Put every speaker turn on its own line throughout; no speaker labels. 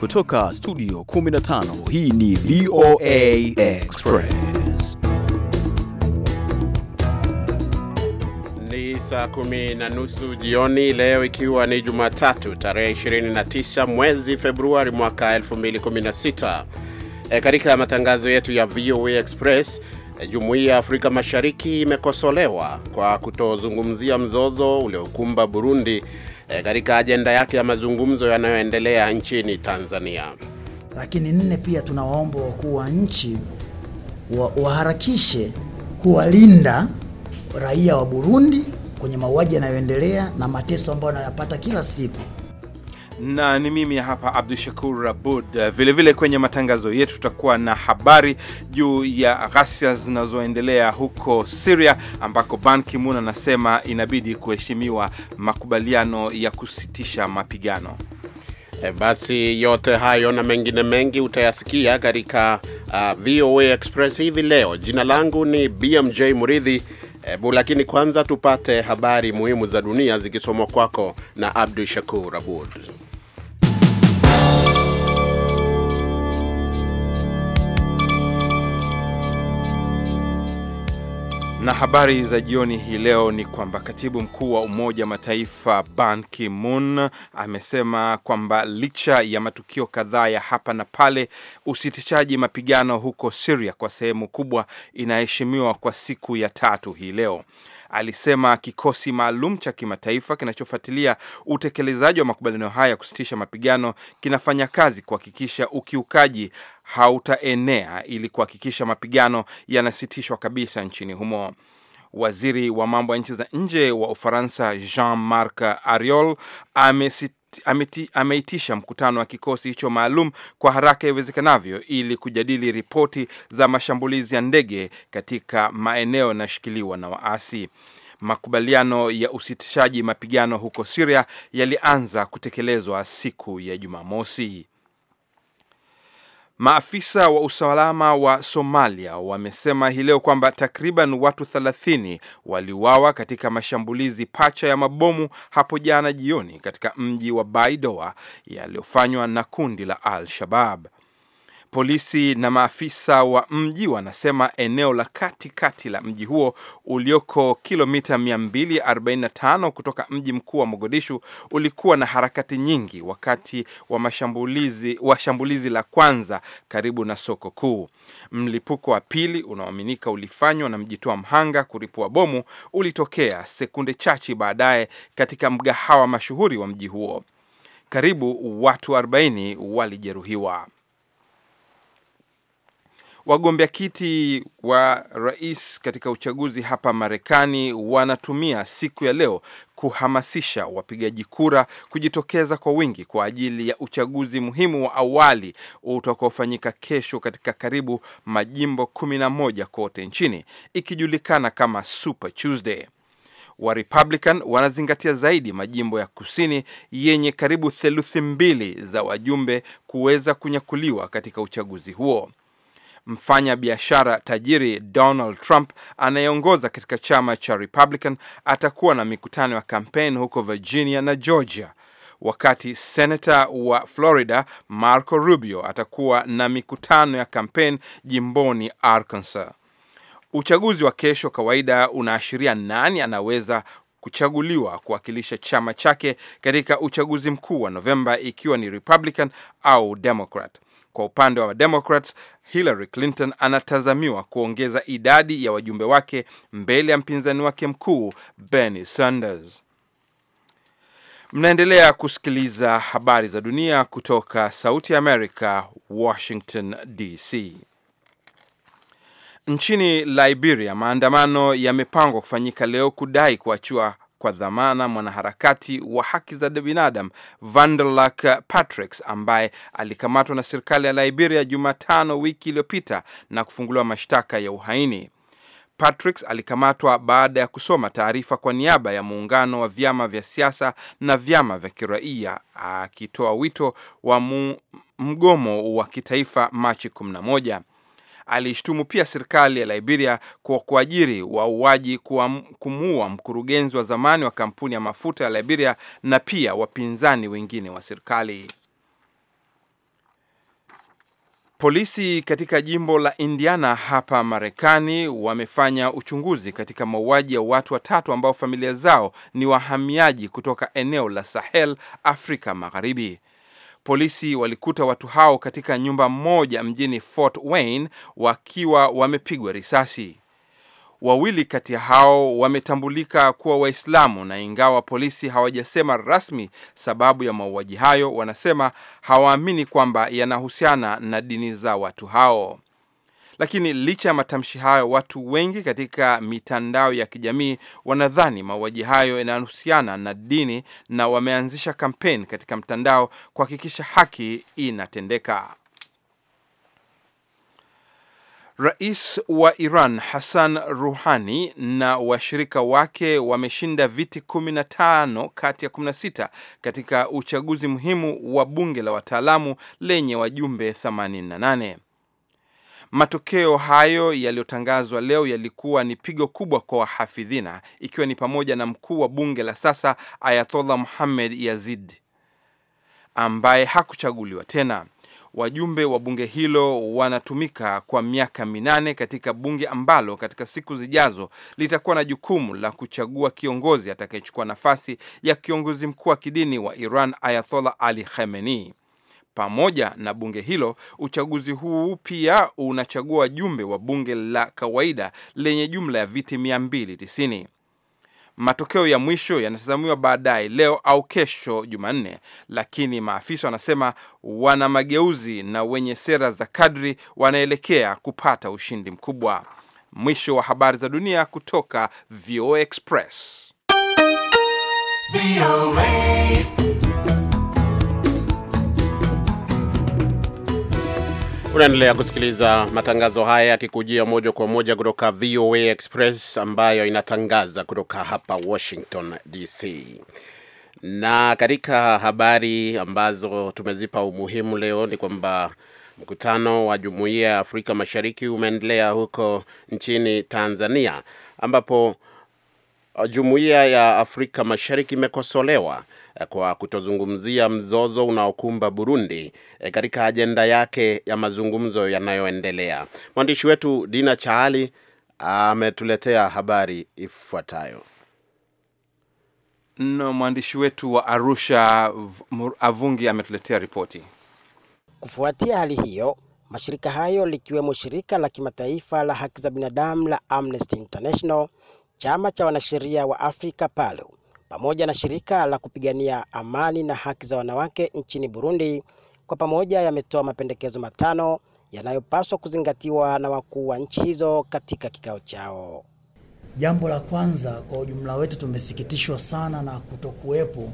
Kutoka studio 15 hii ni VOA Express.
Ni saa kumi na nusu jioni leo, ikiwa ni Jumatatu tarehe 29 mwezi Februari mwaka 2016. E, katika matangazo yetu ya VOA Express e, Jumuiya ya Afrika Mashariki imekosolewa kwa kutozungumzia mzozo uliokumba Burundi Eh, katika ajenda yake ya mazungumzo yanayoendelea nchini Tanzania.
Lakini nne, pia tunawaomba wakuu wa nchi waharakishe kuwalinda raia wa Burundi kwenye mauaji yanayoendelea na mateso ambayo wanayapata kila siku
na ni mimi hapa Abdu Shakur Abud. Vilevile vile kwenye matangazo yetu tutakuwa na habari juu ya ghasia zinazoendelea huko Syria ambako Ban Ki-moon anasema inabidi kuheshimiwa makubaliano ya
kusitisha mapigano. E, basi yote hayo na mengine mengi utayasikia katika uh, VOA Express hivi leo. Jina langu ni BMJ Muridhi Hebu lakini kwanza tupate habari muhimu za dunia zikisomwa kwako na Abdu Shakur Abud.
Na habari za jioni hii leo ni kwamba katibu mkuu wa Umoja wa Mataifa Ban Ki-moon amesema kwamba licha ya matukio kadhaa ya hapa na pale, usitishaji mapigano huko Syria kwa sehemu kubwa inaheshimiwa kwa siku ya tatu hii leo. Alisema kikosi maalum cha kimataifa kinachofuatilia utekelezaji wa makubaliano haya ya kusitisha mapigano kinafanya kazi kuhakikisha ukiukaji hautaenea ili kuhakikisha mapigano yanasitishwa kabisa nchini humo. Waziri wa mambo ya nchi za nje wa Ufaransa Jean-Marc ariol ameitisha mkutano wa kikosi hicho maalum kwa haraka iwezekanavyo ili kujadili ripoti za mashambulizi ya ndege katika maeneo yanayoshikiliwa na waasi. Makubaliano ya usitishaji mapigano huko Siria yalianza kutekelezwa siku ya Jumamosi. Maafisa wa usalama wa Somalia wamesema hii leo kwamba takriban watu 30 waliuawa katika mashambulizi pacha ya mabomu hapo jana jioni katika mji wa Baidoa yaliyofanywa na kundi la Al-Shabaab. Polisi na maafisa wa mji wanasema eneo la katikati kati la mji huo ulioko kilomita 245 kutoka mji mkuu wa Mogadishu ulikuwa na harakati nyingi wakati wa mashambulizi wa shambulizi la kwanza karibu na soko kuu. Mlipuko wa pili unaoaminika ulifanywa na mjitoa mhanga kuripua bomu ulitokea sekunde chache baadaye katika mgahawa mashuhuri wa mji huo. Karibu watu 40 walijeruhiwa. Wagombea kiti wa rais katika uchaguzi hapa Marekani wanatumia siku ya leo kuhamasisha wapigaji kura kujitokeza kwa wingi kwa ajili ya uchaguzi muhimu wa awali utakaofanyika kesho katika karibu majimbo 11 kote nchini, ikijulikana kama Super Tuesday. Wa Republican wanazingatia zaidi majimbo ya kusini yenye karibu theluthi mbili za wajumbe kuweza kunyakuliwa katika uchaguzi huo. Mfanya biashara tajiri Donald Trump anayeongoza katika chama cha Republican atakuwa na mikutano ya kampeni huko Virginia na Georgia, wakati senata wa Florida Marco Rubio atakuwa na mikutano ya kampeni jimboni Arkansas. Uchaguzi wa kesho kawaida unaashiria nani anaweza kuchaguliwa kuwakilisha chama chake katika uchaguzi mkuu wa Novemba, ikiwa ni Republican au Democrat. Kwa upande wa Democrats, Hillary Clinton anatazamiwa kuongeza idadi ya wajumbe wake mbele ya mpinzani wake mkuu Bernie Sanders. Mnaendelea kusikiliza habari za dunia kutoka Sauti ya Amerika, Washington DC. Nchini Liberia, maandamano yamepangwa kufanyika leo kudai kuachiwa kwa dhamana mwanaharakati wa haki za binadamu Vanderlak Patricks ambaye alikamatwa na serikali ya Liberia Jumatano wiki iliyopita na kufunguliwa mashtaka ya uhaini. Patricks alikamatwa baada ya kusoma taarifa kwa niaba ya muungano wa vyama vya siasa na vyama vya kiraia akitoa wito wa mgomo wa kitaifa Machi 11 aliishtumu pia serikali ya Liberia kwa kuajiri wauaji kumuua mkurugenzi wa zamani wa kampuni ya mafuta ya Liberia na pia wapinzani wengine wa serikali. Polisi katika jimbo la Indiana hapa Marekani wamefanya uchunguzi katika mauaji ya watu watatu ambao familia zao ni wahamiaji kutoka eneo la Sahel, Afrika Magharibi. Polisi walikuta watu hao katika nyumba moja mjini Fort Wayne wakiwa wamepigwa risasi. Wawili kati ya hao wametambulika kuwa Waislamu, na ingawa polisi hawajasema rasmi sababu ya mauaji hayo, wanasema hawaamini kwamba yanahusiana na dini za watu hao. Lakini licha ya matamshi hayo, watu wengi katika mitandao ya kijamii wanadhani mauaji hayo yanahusiana na dini na wameanzisha kampeni katika mtandao kuhakikisha haki inatendeka. Rais wa Iran Hassan ruhani na washirika wake wameshinda viti 15 kati ya 16 katika uchaguzi muhimu wa bunge la wataalamu lenye wajumbe 88. Matokeo hayo yaliyotangazwa leo yalikuwa ni pigo kubwa kwa wahafidhina, ikiwa ni pamoja na mkuu wa bunge la sasa Ayatollah Muhamed Yazid ambaye hakuchaguliwa tena. Wajumbe wa bunge hilo wanatumika kwa miaka minane katika bunge ambalo katika siku zijazo litakuwa na jukumu la kuchagua kiongozi atakayechukua nafasi ya kiongozi mkuu wa kidini wa Iran Ayatollah Ali Khamenei. Pamoja na bunge hilo, uchaguzi huu pia unachagua wajumbe wa bunge la kawaida lenye jumla ya viti 290. Matokeo ya mwisho yanatazamiwa baadaye leo au kesho Jumanne, lakini maafisa wanasema wana mageuzi na wenye sera za kadri wanaelekea kupata ushindi mkubwa. Mwisho wa habari za dunia kutoka VOA Express.
VOA.
Unaendelea kusikiliza matangazo haya yakikujia moja kwa moja kutoka VOA Express ambayo inatangaza kutoka hapa Washington DC. Na katika habari ambazo tumezipa umuhimu leo ni kwamba mkutano wa Jumuiya ya Afrika Mashariki umeendelea huko nchini Tanzania ambapo Jumuiya ya Afrika Mashariki imekosolewa kwa kutozungumzia mzozo unaokumba Burundi eh, katika ajenda yake ya mazungumzo yanayoendelea. Mwandishi wetu Dina chaali ametuletea habari ifuatayo. No, mwandishi wetu wa Arusha
Avungi ametuletea ripoti.
Kufuatia hali hiyo, mashirika hayo likiwemo shirika la kimataifa la haki za binadamu la Amnesty International, chama cha wanasheria wa Afrika PALU, pamoja na shirika la kupigania amani na haki za wanawake nchini Burundi kwa pamoja yametoa mapendekezo matano yanayopaswa kuzingatiwa na wakuu wa nchi hizo katika kikao chao. Jambo
la kwanza, kwa ujumla wetu tumesikitishwa sana na kutokuwepo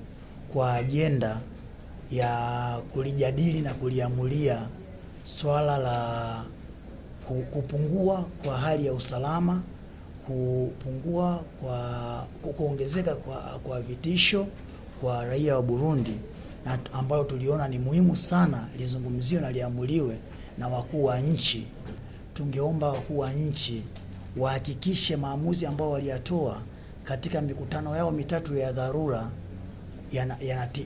kwa ajenda ya kulijadili na kuliamulia swala la kupungua kwa hali ya usalama kupungua kwa kuongezeka kwa, kwa vitisho kwa raia wa Burundi na ambayo tuliona ni muhimu sana lizungumziwe na liamuliwe na wakuu wa nchi. Tungeomba wakuu wa nchi wahakikishe maamuzi ambayo waliyatoa katika mikutano yao mitatu ya dharura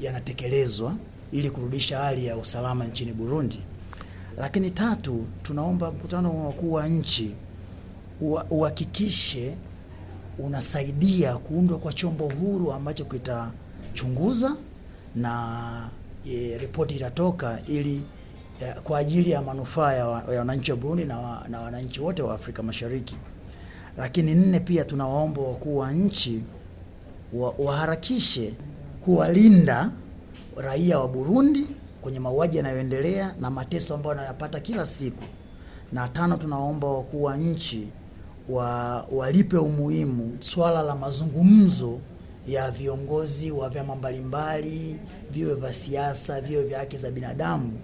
yanatekelezwa yana, yana ili kurudisha hali ya usalama nchini Burundi. Lakini tatu, tunaomba mkutano wa wakuu wa nchi uhakikishe unasaidia kuundwa kwa chombo huru ambacho kitachunguza na e, ripoti itatoka ili e, kwa ajili ya manufaa ya wananchi wa Burundi na, wa, na wananchi wote wa Afrika Mashariki. Lakini nne, pia tunawaomba wakuu wa nchi wa, waharakishe kuwalinda raia wa Burundi kwenye mauaji yanayoendelea na mateso ambayo wanayapata kila siku. Na tano, tunawaomba wakuu wa nchi wa, walipe umuhimu swala la mazungumzo ya viongozi wa vyama mbalimbali, viwe vya siasa, viwe vya haki za binadamu,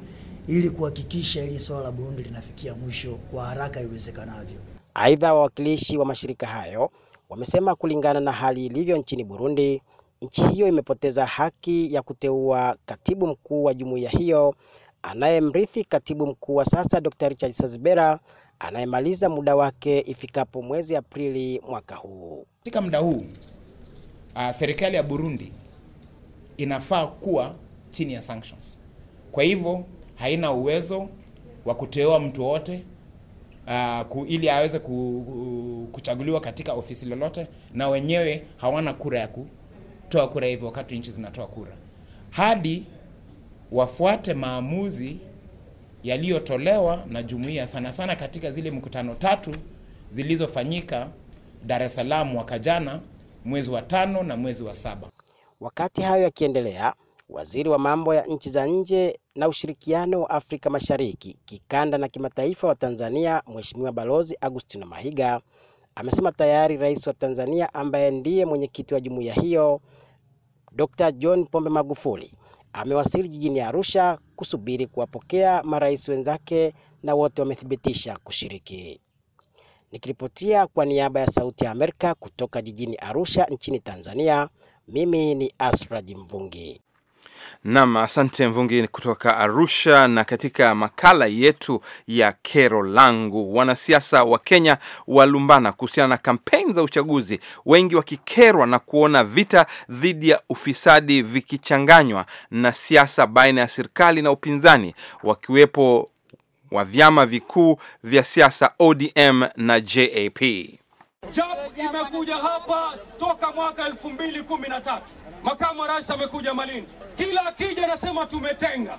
ili kuhakikisha ili swala la Burundi linafikia mwisho kwa haraka iwezekanavyo.
Aidha, wawakilishi wa mashirika hayo wamesema kulingana na hali ilivyo nchini Burundi, nchi hiyo imepoteza haki ya kuteua katibu mkuu wa jumuiya hiyo anayemrithi katibu mkuu wa sasa Dr. Richard Sazibera anayemaliza muda wake ifikapo mwezi Aprili mwaka huu. Katika muda huu
uh, serikali ya Burundi inafaa kuwa chini ya sanctions. Kwa hivyo haina uwezo wa kuteua mtu wote uh, ili aweze kuchaguliwa katika ofisi lolote, na wenyewe hawana kura ya kutoa kura hivyo wakati nchi zinatoa kura
hadi wafuate maamuzi yaliyotolewa na jumuiya sana sana katika zile mkutano tatu zilizofanyika Dar es Salaam
mwaka jana mwezi wa tano na mwezi wa saba.
Wakati hayo yakiendelea, waziri wa mambo ya nchi za nje na ushirikiano wa Afrika Mashariki, kikanda na kimataifa wa Tanzania, Mheshimiwa Balozi Augustino Mahiga amesema tayari rais wa Tanzania ambaye ndiye mwenyekiti wa jumuiya hiyo Dr. John Pombe Magufuli amewasili jijini Arusha kusubiri kuwapokea marais wenzake na wote wamethibitisha kushiriki. Nikiripotia kwa niaba ya Sauti ya Amerika kutoka jijini Arusha nchini Tanzania, mimi ni Asraji Mvungi.
Nam, asante Mvungi kutoka Arusha. Na katika makala yetu ya kero langu, wanasiasa wa Kenya walumbana kuhusiana na kampeni za uchaguzi, wengi wakikerwa na kuona vita dhidi ya ufisadi vikichanganywa na siasa baina ya serikali na upinzani, wakiwepo wa vyama vikuu vya siasa ODM na JAP. Jab imekuja hapa toka mwaka 2013. Makamu wa rais amekuja Malindi, kila akija anasema tumetenga,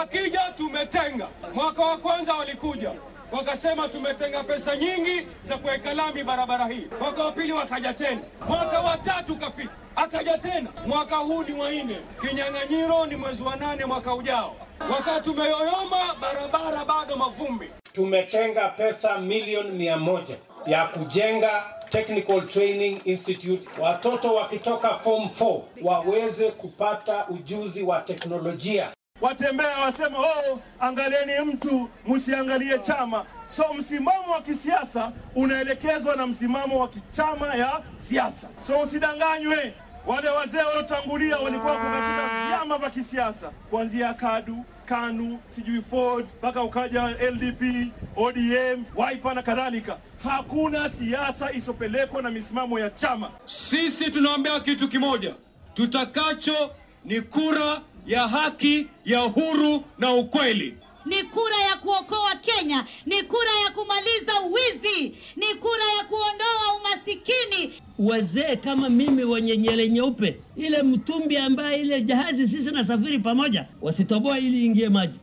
akija tumetenga. Mwaka wa kwanza walikuja wakasema tumetenga pesa nyingi za kuweka lami barabara hii. Mwaka wa pili wakaja tena, mwaka wa tatu kafika, akaja tena. Mwaka huu ni wa nne, kinyang'anyiro ni mwezi wa nane mwaka ujao. Wakati tumeyoyoma barabara bado mavumbi. Tumetenga pesa milioni mia moja ya kujenga Technical Training Institute, watoto wakitoka form 4 waweze kupata ujuzi
wa teknolojia.
Watembea wasema oh, angalieni mtu msiangalie
chama. So msimamo wa kisiasa unaelekezwa na msimamo wa kichama ya siasa. So usidanganywe, wale wazee waliotangulia walikuwa katika vyama vya kisiasa kuanzia KADU KANU sijui Ford mpaka ukaja LDP, ODM, Wiper na kadhalika. Hakuna siasa isopelekwa na misimamo ya chama. Sisi tunaombea kitu kimoja, tutakacho ni kura ya haki ya uhuru na ukweli
ni kura ya kuokoa Kenya, ni kura ya kumaliza uwizi, ni kura ya kuondoa umasikini.
Wazee kama mimi wenye nyele nyeupe, ile mtumbi ambaye ile jahazi sisi nasafiri pamoja, wasitoboa ili ingie maji.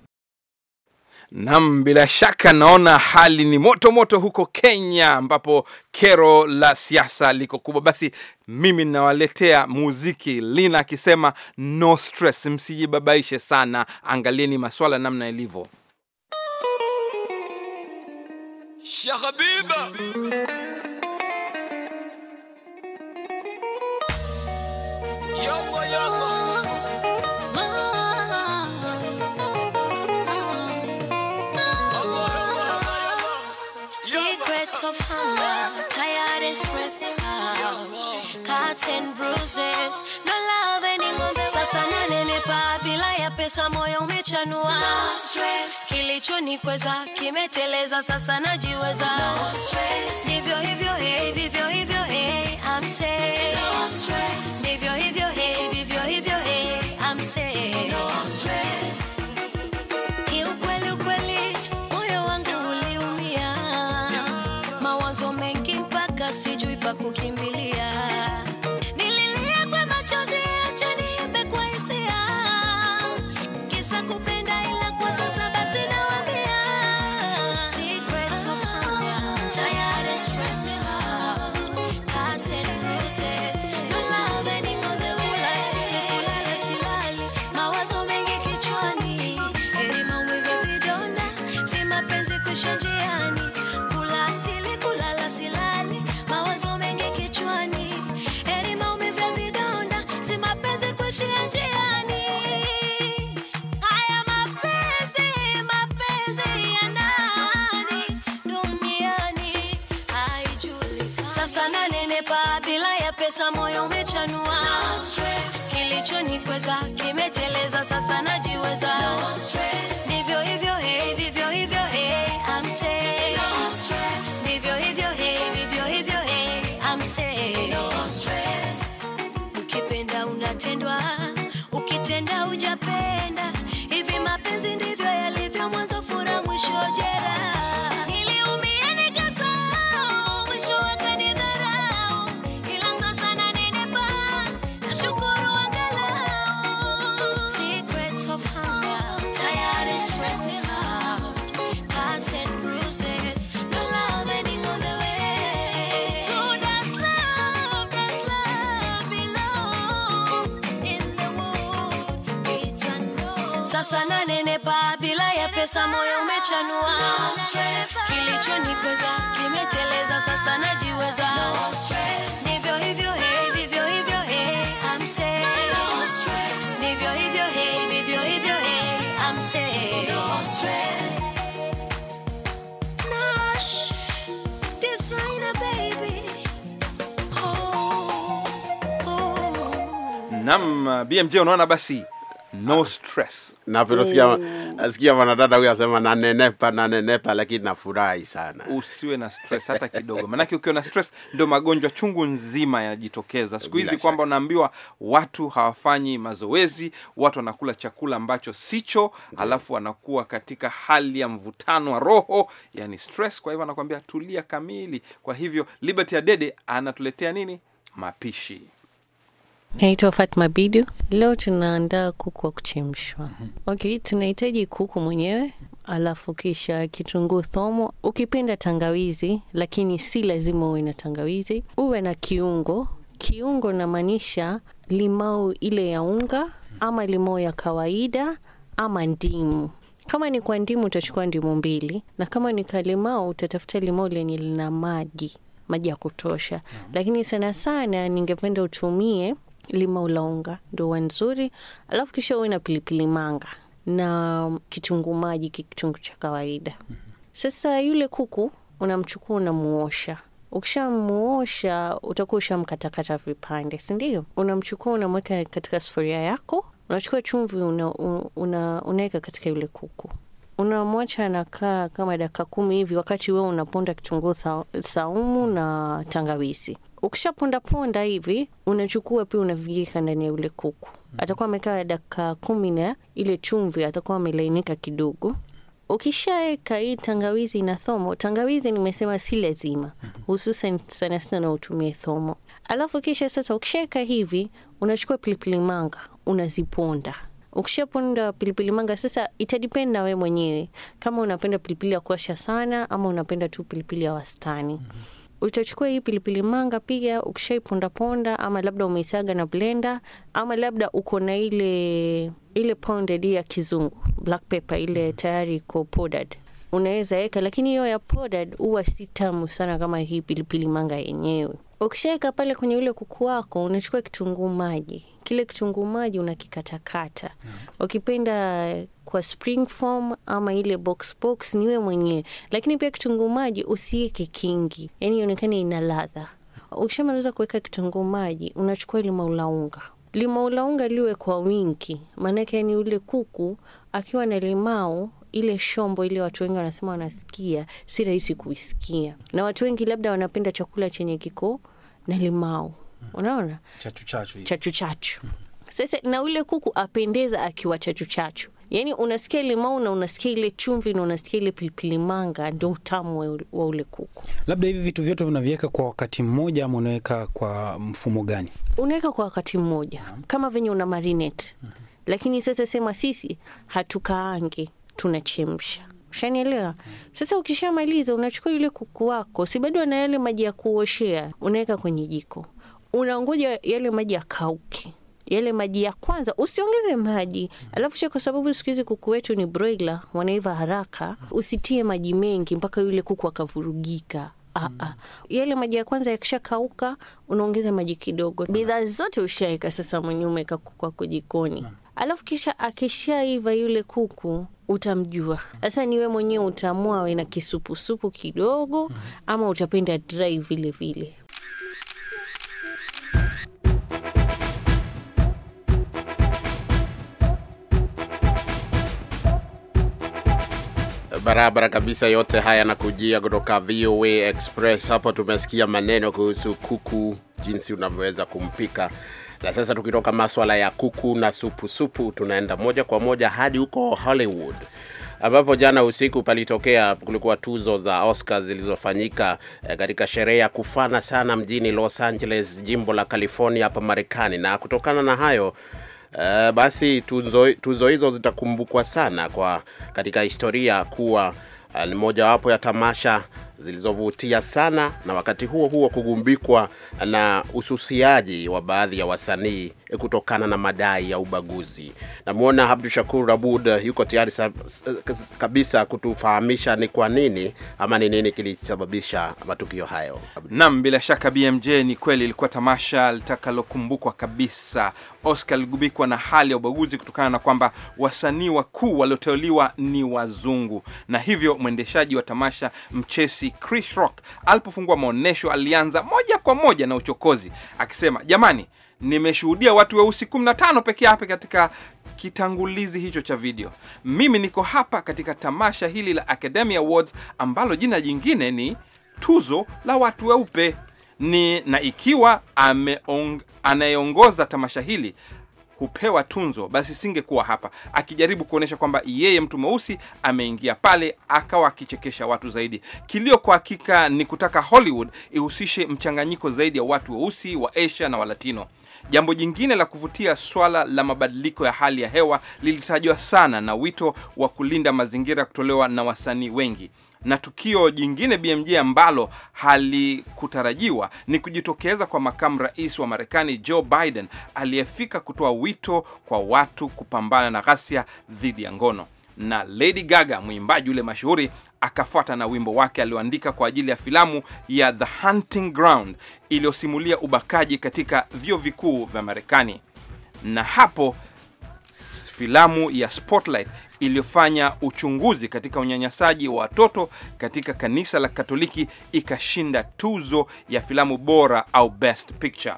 Nam, bila shaka naona hali ni moto moto huko Kenya, ambapo kero la siasa liko kubwa. Basi mimi nawaletea muziki Lina akisema no stress, msijibabaishe sana, angalieni maswala namna ilivyo.
Shahabiba of hunger, tired and stressed out. Cuts and bruises, no love anymore. Sasa na nanenepa bila ya pesa, moyo umechanua. No stress, kilichonikweza kimeteleza, sasa najiweza. No stress, ndivyo hivyo hey, vivyo hivyo hey, I'm safe. No stress, ndivyo hivyo hey, vivyo hivyo hey, I'm safe. No stress. pa kukimbilia sana nenepa bila ya pesa, moyo umechanua. No stress, kilichonikuza kimeteleza, sasa najiweza. No stress, nivyo hivyo hey, vivyo hivyo hey, I'm No stress, nivyo hivyo hey, vivyo hivyo hey, I'm No stress.
Nam oh, oh. BMJ, unaona basi no stress. Na mm. sikia asikia wanadada huyu asema na nenepa lakini nafurahi sana.
Usiwe na stress hata kidogo,
Maana ukiwa na stress ndio magonjwa chungu nzima
yanajitokeza siku hizi, kwamba unaambiwa watu hawafanyi mazoezi, watu wanakula chakula ambacho sicho, alafu wanakuwa katika hali ya mvutano wa roho, yani stress. Kwa hivyo anakuambia tulia kamili. Kwa hivyo Liberty Adede anatuletea nini?
Mapishi. Naitwa Fatma Bidu. Leo tunaandaa kuku wa kuchemshwa. Okay, tunahitaji kuku mwenyewe alafu kisha kitunguu thomo, ukipenda tangawizi, lakini si lazima uwe na tangawizi. Uwe na kiungo. Kiungo namaanisha limau ile ya unga ama limau ya kawaida ama ndimu. Kama ni kwa ndimu utachukua ndimu mbili, na kama ni kwa limau utatafuta limau lenye lina maji maji ya kutosha, lakini sana sana ningependa utumie lima ulaunga ndo uwe nzuri, alafu kisha uwe na pilipili manga na kitunguu maji, kitungu cha kawaida. Sasa yule kuku unamchukua unamuosha Ukishamuosha utakuwa ushamkatakata vipande, sindio Unamchukua unamweka katika sufuria yako, unachukua chumvi unaweka una, una katika yule kuku, unamwacha anakaa kama dakika kumi hivi, wakati weo unaponda kitunguu saumu na tangawisi Ukishapondaponda hivi unachukua pia unavijika ndani ya ule kuku, mhm. atakuwa amekaa dakika kumi na ile chumvi atakuwa amelainika kidogo. Ukishaeka hii tangawizi na thomo, tangawizi nimesema si lazima, mhm. hususan sana sana na thomo. Alafu kisha sasa, ukishaeka hivi unachukua pilipili manga unaziponda ukishaponda pilipili manga sasa, itadipend na wee mwenyewe kama unapenda pilipili ya kuasha sana ama unapenda tu pilipili ya wastani. mm -hmm utachukua hii pilipili manga, pia ukishaiponda ponda, ama labda umeisaga na blender, ama labda uko na ile ile pounded ya kizungu black pepper, ile mm-hmm. tayari iko powdered unaweza weka, lakini hiyo ya powdered huwa si tamu sana kama hii pilipili manga yenyewe. Ukishaweka pale kwenye ule kuku wako, unachukua kitunguu maji. Kile kitunguu maji unakikatakata, ukipenda kwa spring form ama ile box box niwe mwenyewe, lakini pia kitunguu maji usiweke kingi, yani ionekane ina ladha. Ukishamaliza kuweka kitunguu maji, unachukua limaulaunga limaulaunga liwe kwa wingi, maanake ni ule kuku akiwa na limau ile shombo ile, watu wengi wanasema wanasikia, si rahisi kuisikia, na watu wengi labda wanapenda chakula chenye kiko na limau, unaona chachu chachu chachu chachu. Sasa na ule kuku apendeza akiwa chachu chachu yani unasikia limau na unasikia ile chumvi na unasikia ile pilipili manga, ndio utamu wa ule kuku.
Labda hivi vitu vyote unaviweka kwa wakati mmoja ama unaweka kwa
mfumo gani?
Unaweka kwa wakati mmoja kama venye una marinate mm -hmm. Lakini sasa sema sisi hatukaangi, tunachemsha Ushanielewa? Sasa ukishamaliza unachukua yule kuku wako, si bado ana yale maji ya kuoshea, unaweka kwenye jiko, unangoja yale maji yakauke yale maji ya kwanza usiongeze maji. Alafu kwa sababu siku hizi kuku wetu ni broila wanaiva haraka, usitie maji mengi mpaka yule kuku akavurugika. Ah, mm. Ah. Yale maji ya kwanza yakishakauka unaongeza maji kidogo. Mm. Bidhaa zote ushaeka sasa mwenyewe umeweka kuku wako jikoni. Mm. Alafu kisha akishaiva yule kuku utamjua sasa, mm. niwe mwenyewe utamua na kisupusupu kidogo mm. ama utapenda dry vile vile.
barabara kabisa. Yote haya nakujia kutoka VOA Express. Hapo tumesikia maneno kuhusu kuku, jinsi unavyoweza kumpika na sasa tukitoka maswala ya kuku na supu supu, tunaenda moja kwa moja hadi huko Hollywood ambapo jana usiku palitokea, kulikuwa tuzo za Oscar zilizofanyika eh, katika sherehe ya kufana sana mjini Los Angeles, jimbo la California hapa Marekani, na kutokana na hayo uh, basi tuzo, tuzo hizo zitakumbukwa sana kwa katika historia kuwa eh, ni mojawapo ya tamasha zilizovutia sana na wakati huo huo kugumbikwa na ususiaji wa baadhi ya wasanii kutokana na madai ya ubaguzi. Namwona Abdu Shakur Abud yuko tayari kabisa kutufahamisha ni kwa nini ama ni nini kilisababisha matukio hayo. Naam, bila shaka BMJ, ni kweli ilikuwa
tamasha litakalokumbukwa kabisa. Oscar ligubikwa na hali ya ubaguzi kutokana na kwamba wasanii wakuu walioteuliwa ni wazungu, na hivyo mwendeshaji wa tamasha mchesi Chris Rock alipofungua maonyesho, alianza moja kwa moja na uchokozi akisema, jamani, nimeshuhudia watu weusi 15 pekee hapa katika kitangulizi hicho cha video. Mimi niko hapa katika tamasha hili la Academy Awards ambalo jina jingine ni tuzo la watu weupe ni na ikiwa anayeongoza tamasha hili hupewa tunzo, basi singekuwa hapa, akijaribu kuonyesha kwamba yeye mtu mweusi ameingia pale akawa akichekesha watu zaidi. Kilio kwa hakika ni kutaka Hollywood ihusishe mchanganyiko zaidi ya watu weusi wa Asia na Walatino. Jambo jingine la kuvutia, swala la mabadiliko ya hali ya hewa lilitajwa sana na wito wa kulinda mazingira kutolewa na wasanii wengi na tukio jingine BMJ ambalo halikutarajiwa ni kujitokeza kwa makamu rais wa Marekani Joe Biden aliyefika kutoa wito kwa watu kupambana na ghasia dhidi ya ngono na Lady Gaga, mwimbaji yule mashuhuri, akafuata na wimbo wake alioandika kwa ajili ya filamu ya The Hunting Ground iliyosimulia ubakaji katika vyuo vikuu vya Marekani. Na hapo filamu ya Spotlight iliyofanya uchunguzi katika unyanyasaji wa watoto katika kanisa la Katoliki ikashinda tuzo ya filamu bora au best picture.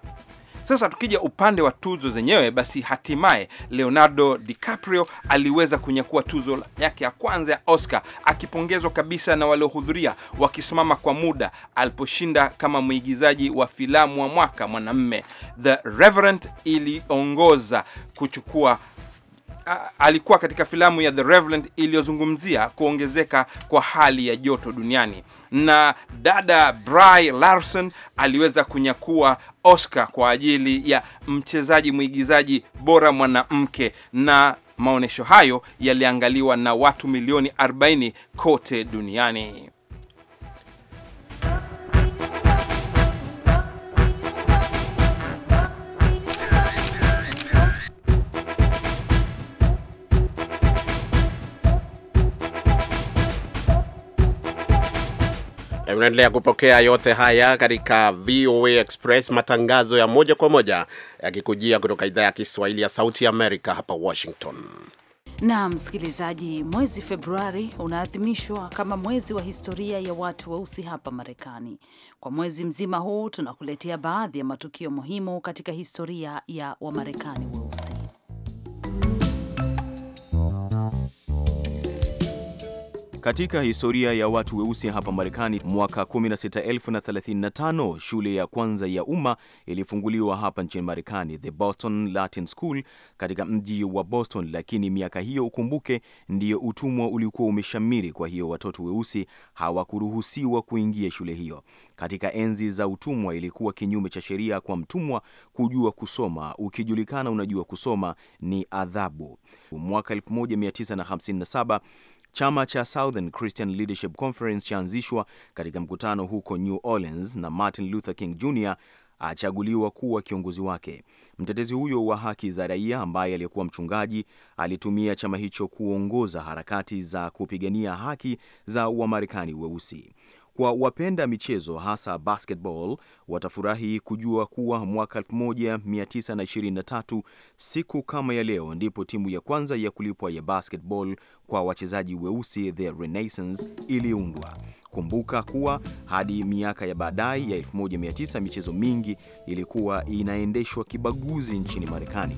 Sasa tukija upande wa tuzo zenyewe, basi hatimaye Leonardo DiCaprio aliweza kunyakua tuzo yake ya kwanza ya Oscar, akipongezwa kabisa na waliohudhuria wakisimama kwa muda aliposhinda kama mwigizaji wa filamu wa mwaka mwanamme. The Revenant iliongoza kuchukua alikuwa katika filamu ya The Revenant iliyozungumzia kuongezeka kwa hali ya joto duniani, na dada bry Larson aliweza kunyakua Oscar kwa ajili ya mchezaji mwigizaji bora mwanamke na maonyesho hayo yaliangaliwa na watu milioni 40 kote duniani.
Unaendelea kupokea yote haya katika VOA Express, matangazo ya moja kwa moja yakikujia kutoka idhaa ya Kiswahili ya Sauti ya Amerika hapa Washington.
Na msikilizaji, mwezi Februari unaadhimishwa kama mwezi wa historia ya watu weusi wa hapa Marekani. Kwa mwezi mzima huu tunakuletea baadhi ya matukio muhimu katika historia ya Wamarekani weusi wa
Katika historia ya watu weusi hapa Marekani, mwaka 16035 shule ya kwanza ya umma ilifunguliwa hapa nchini Marekani, the Boston Latin School katika mji wa Boston. Lakini miaka hiyo, ukumbuke, ndiyo utumwa ulikuwa umeshamiri. Kwa hiyo watoto weusi hawakuruhusiwa kuingia shule hiyo. Katika enzi za utumwa, ilikuwa kinyume cha sheria kwa mtumwa kujua kusoma. Ukijulikana unajua kusoma, ni adhabu. Mwaka 1957 Chama cha Southern Christian Leadership Conference chaanzishwa katika mkutano huko New Orleans na Martin Luther King Jr achaguliwa kuwa kiongozi wake. Mtetezi huyo wa haki za raia ambaye aliyekuwa mchungaji alitumia chama hicho kuongoza harakati za kupigania haki za Wamarekani weusi. Kwa wapenda michezo hasa basketball watafurahi kujua kuwa mwaka 1923 siku kama ya leo ndipo timu ya kwanza ya kulipwa ya basketball kwa wachezaji weusi the Renaissance iliundwa. Kumbuka kuwa hadi miaka ya baadaye ya 1900 michezo mingi ilikuwa inaendeshwa kibaguzi nchini Marekani.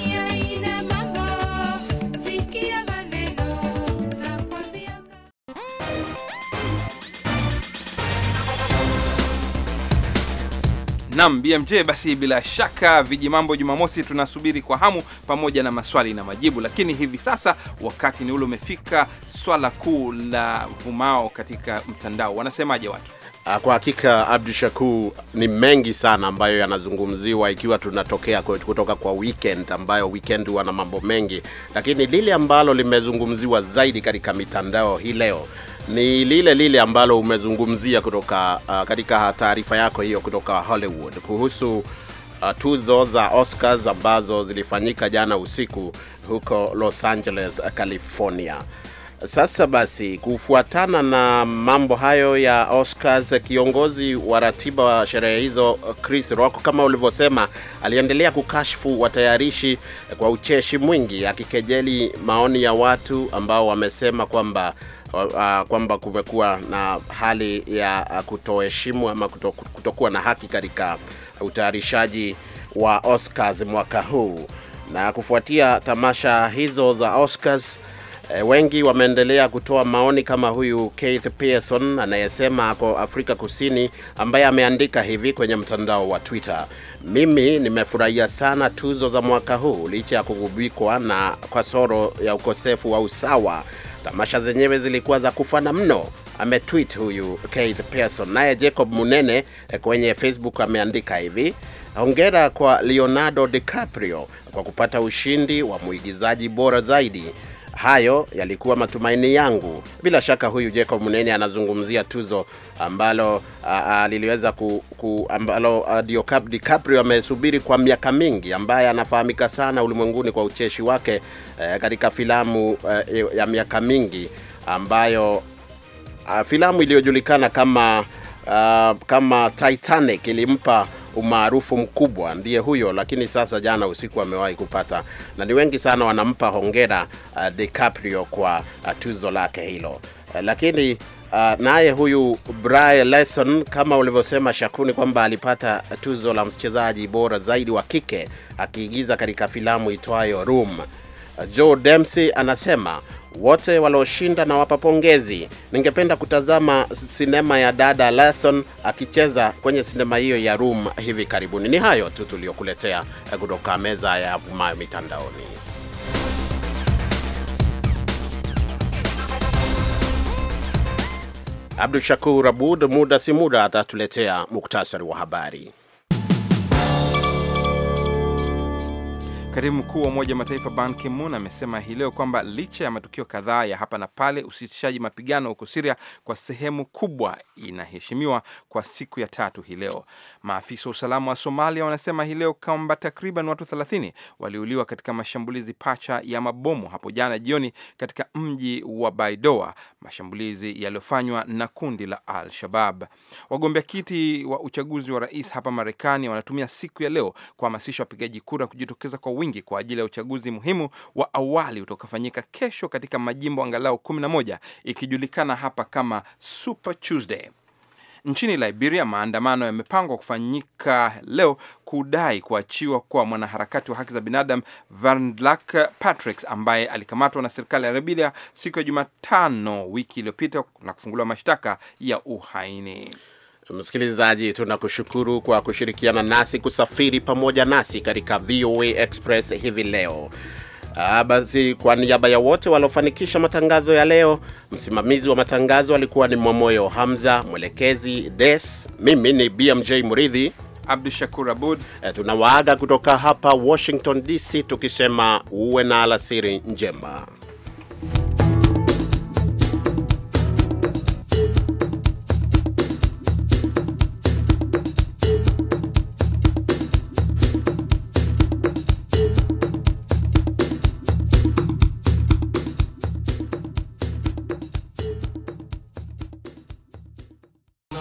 Naam, BMJ, basi bila shaka viji mambo Jumamosi tunasubiri kwa hamu pamoja na maswali na majibu, lakini hivi sasa wakati ni ule umefika, swala kuu la vumao katika mtandao, wanasemaje watu?
Ah, kwa hakika Abdu Shakur, ni mengi sana ambayo yanazungumziwa, ikiwa tunatokea kutoka kwa weekend ambayo weekend huwa na mambo mengi, lakini lile ambalo limezungumziwa zaidi katika mitandao hii leo ni lile lile ambalo umezungumzia kutoka uh, katika taarifa yako hiyo kutoka Hollywood kuhusu uh, tuzo za Oscars ambazo zilifanyika jana usiku huko Los Angeles, California. Sasa basi, kufuatana na mambo hayo ya Oscars, kiongozi wa ratiba wa sherehe hizo Chris Rock, kama ulivyosema, aliendelea kukashfu watayarishi kwa ucheshi mwingi, akikejeli maoni ya watu ambao wamesema kwamba uh, kwamba kumekuwa na hali ya kutoheshimu ama kutokuwa na haki katika utayarishaji wa Oscars mwaka huu. Na kufuatia tamasha hizo za Oscars, e, wengi wameendelea kutoa maoni kama huyu Keith Pearson anayesema ako Afrika Kusini, ambaye ameandika hivi kwenye mtandao wa Twitter: mimi nimefurahia sana tuzo za mwaka huu licha ya kugubikwa na kasoro ya ukosefu wa usawa Tamasha zenyewe zilikuwa za kufana mno, ametweet huyu Keith Pearson. Naye Jacob Munene eh, kwenye Facebook ameandika hivi: hongera kwa Leonardo DiCaprio kwa kupata ushindi wa mwigizaji bora zaidi hayo yalikuwa matumaini yangu. Bila shaka huyu Jacob Munene anazungumzia tuzo ambalo aliliweza ku, ku, ambalo DiCaprio amesubiri kwa miaka mingi, ambaye anafahamika sana ulimwenguni kwa ucheshi wake eh, katika filamu eh, ya miaka mingi ambayo ah, filamu iliyojulikana kama ah, kama Titanic ilimpa umaarufu mkubwa, ndiye huyo. Lakini sasa jana usiku amewahi kupata, na ni wengi sana wanampa hongera uh, DiCaprio kwa uh, tuzo lake hilo uh, lakini Uh, naye huyu Bry Lesson kama ulivyosema Shakuni, kwamba alipata tuzo la mchezaji bora zaidi wa kike akiigiza katika filamu itwayo Room. Uh, Joe Dempsey anasema wote walioshinda na wapa pongezi. Ningependa kutazama sinema ya dada lason akicheza kwenye sinema hiyo ya Room hivi karibuni. Ni hayo tu tuliyokuletea kutoka meza ya vumayo mitandaoni. Abdu Shakur Abud muda si muda atatuletea muktasari wa habari.
Katibu mkuu wa Umoja Mataifa Ban Ki-moon amesema hii leo kwamba licha ya matukio kadhaa ya hapa na pale, usitishaji mapigano huko Siria kwa sehemu kubwa inaheshimiwa kwa siku ya tatu hii leo. Maafisa wa usalama wa Somalia wanasema hii leo kwamba takriban watu 30 waliuliwa katika mashambulizi pacha ya mabomu hapo jana jioni katika mji wa Baidoa, mashambulizi yaliyofanywa na kundi la Al-Shabab. Wagombea kiti wa uchaguzi wa rais hapa Marekani wanatumia siku ya leo kuhamasisha wapigaji kura kujitokeza kwa wingi kwa ajili ya uchaguzi muhimu wa awali utakaofanyika kesho katika majimbo angalau 11 ikijulikana hapa kama Super Tuesday. Nchini Liberia, maandamano yamepangwa kufanyika leo kudai kuachiwa kwa mwanaharakati wa haki za binadamu Vandlak Patrick ambaye alikamatwa na serikali ya
Liberia siku ya Jumatano wiki iliyopita na kufunguliwa mashtaka ya uhaini. Msikilizaji, tunakushukuru kwa kushirikiana nasi kusafiri pamoja nasi katika VOA Express hivi leo. Ah, basi kwa niaba ya wote waliofanikisha matangazo ya leo, msimamizi wa matangazo alikuwa ni Mwamoyo Hamza, mwelekezi Des, mimi ni BMJ Muridhi shakur Abud. E, tunawaaga kutoka hapa Washington DC tukisema uwe na alasiri njema.